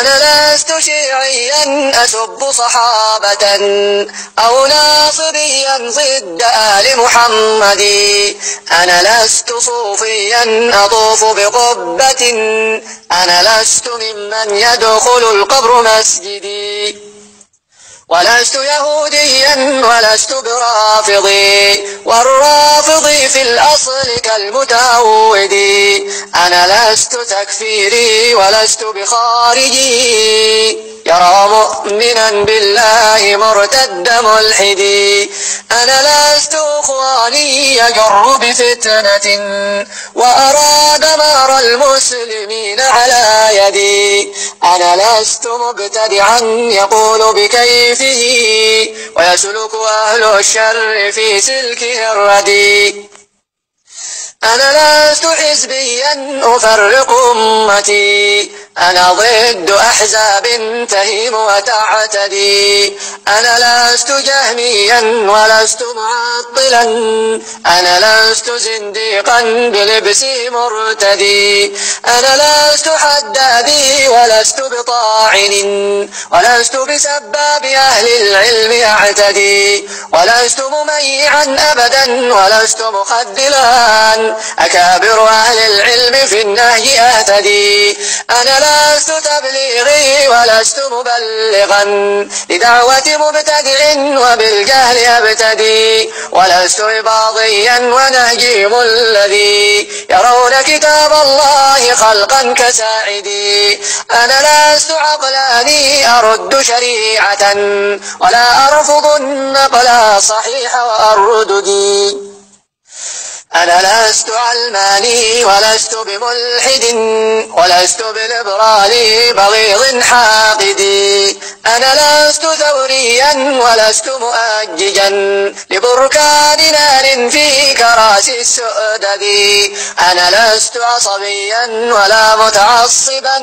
أنا لست شيعيا أسب صحابة أو ناصبيا ضد آل محمد أنا لست صوفيا أطوف بقبة أنا لست ممن يدخل القبر مسجدي ولست يهوديا ولست برافضي والرافضي في الأصل كالمتعودي أنا لست تكفيري ولست بخارجي يرى مؤمنا بالله مرتد ملحدي أنا لست أخواني يجر بفتنة وأراد مار المسلمين أنا لست مبتدعا يقول بكيفه ويسلك أهل الشر في سلكه الردي أنا لست حزبيا أفرق أمتي أنا ضد أحزاب تهيم وتعتدي أنا لست جهميا ولست معطلا أنا لست زنديقا بلبسي مرتدي أنا لست حدادي ولست بطاعن ولست بسباب أهل العلم أعتدي ولست مميعا أبدا ولست مخذلا أكابر أهل العلم في النهي أهتدي أنا ولست تبليغي ولست مبلغا لدعوة مبتدع وبالجهل أبتدي ولست عباضيا ونهجي الذي يرون كتاب الله خلقا كساعدي أنا لست عقلاني أرد شريعة ولا أرفض النقل صحيح وأرددي أنا لست علماني ولست بملحد ولست بلبراني بغيض حاقدي أنا لست ثوريا ولست مؤججا لبركان نار في كراسي السؤدد أنا لست عصبيا ولا متعصبا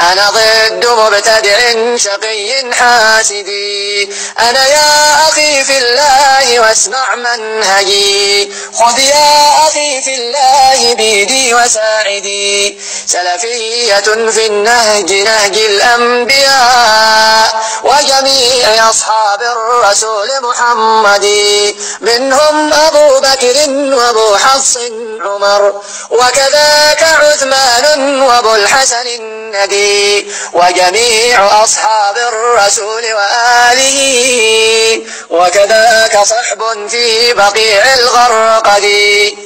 أنا ضد مبتدع شقي حاسدي أنا يا أخي في الله واسمع منهجي خذ يا أخي في الله بيدي وساعدي سلفية في النهج نهج الأنبياء وجميع أصحاب الرسول محمد منهم أبو بكر وأبو حص عمر وكذاك عثمان وأبو الحسن النبي وجميع أصحاب الرسول وآله وكذاك صحب في بقيع الغرق قدير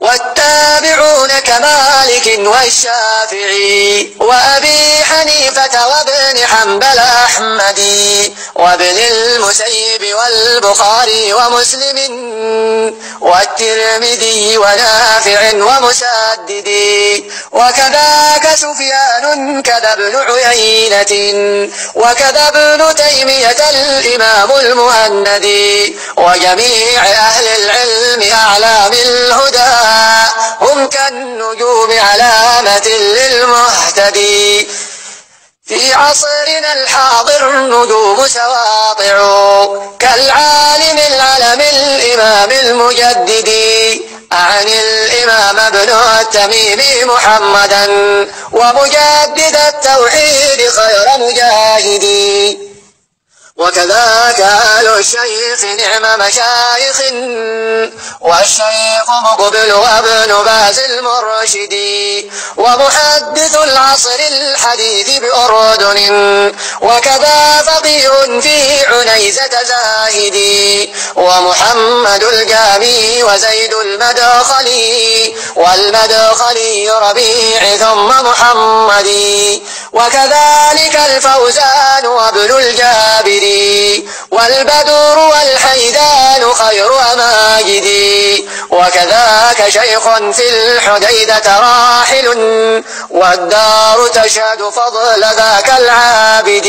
والتابعون كمالك والشافعي وأبي حنيفة وابن حنبل أحمدي وابن المسيب والبخاري ومسلم والترمذي ونافع ومسددي وكذاك سفيان كذا ابن عيينة وكذا ابن تيمية الإمام المهندي وجميع أهل العلم أعلى بالهدى هم كالنجوم علامة للمهتدي في عصرنا الحاضر النجوم سواطع كالعالم العلم الإمام المجدد أعن الإمام ابن التميم محمدا ومجدد التوحيد خير مجاهدي وكذاك آل الشيخ نعم مشايخ والشيخ مقبل وابن باز المرشدي ومحدث العصر الحديث بأردن وكذا فقيه في عنيزة زاهدي ومحمد الجامي وزيد المدخلي والمدخلي ربيع ثم محمدي وكذلك الفوزان وابن الجابري والبدور والحيدان خير أماجدي وكذاك شيخ في الحديدة راحل والدار تشهد فضل ذاك العابد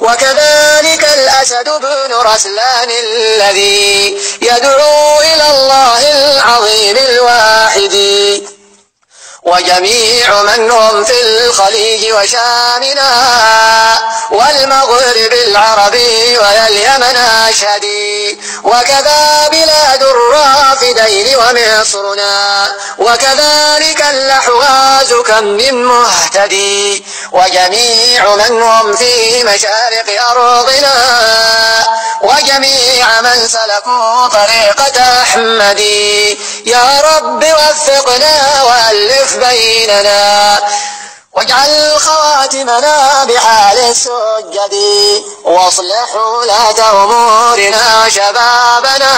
وكذلك الأسد بن رسلان الذي يدعو وجميع من هم في الخليج وشامنا والمغرب العربي واليمن أشهدي وكذا بلاد الرافدين ومصرنا وكذلك اللحواز كم من مهتدي وجميع من هم في مشارق أرضنا وجميع من سلكوا طريقة أحمدي يا رب وفقنا بيننا واجعل خواتمنا بحال السجد واصلح ولاة أمورنا شبابنا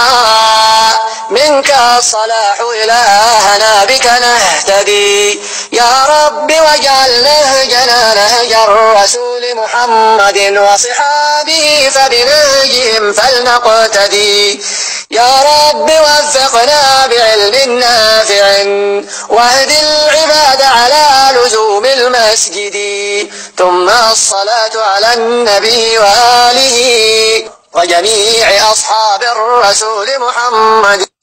منك الصلاح إلهنا بك نهتدي يا رب واجعل نهجنا نهج الرسول محمد وصحابه فبنهجهم فلنقتدي يا رب وفقنا بعلم نافع واهد العباد على لزوم المسجد ثم الصلاة على النبي وآله وجميع أصحاب الرسول محمد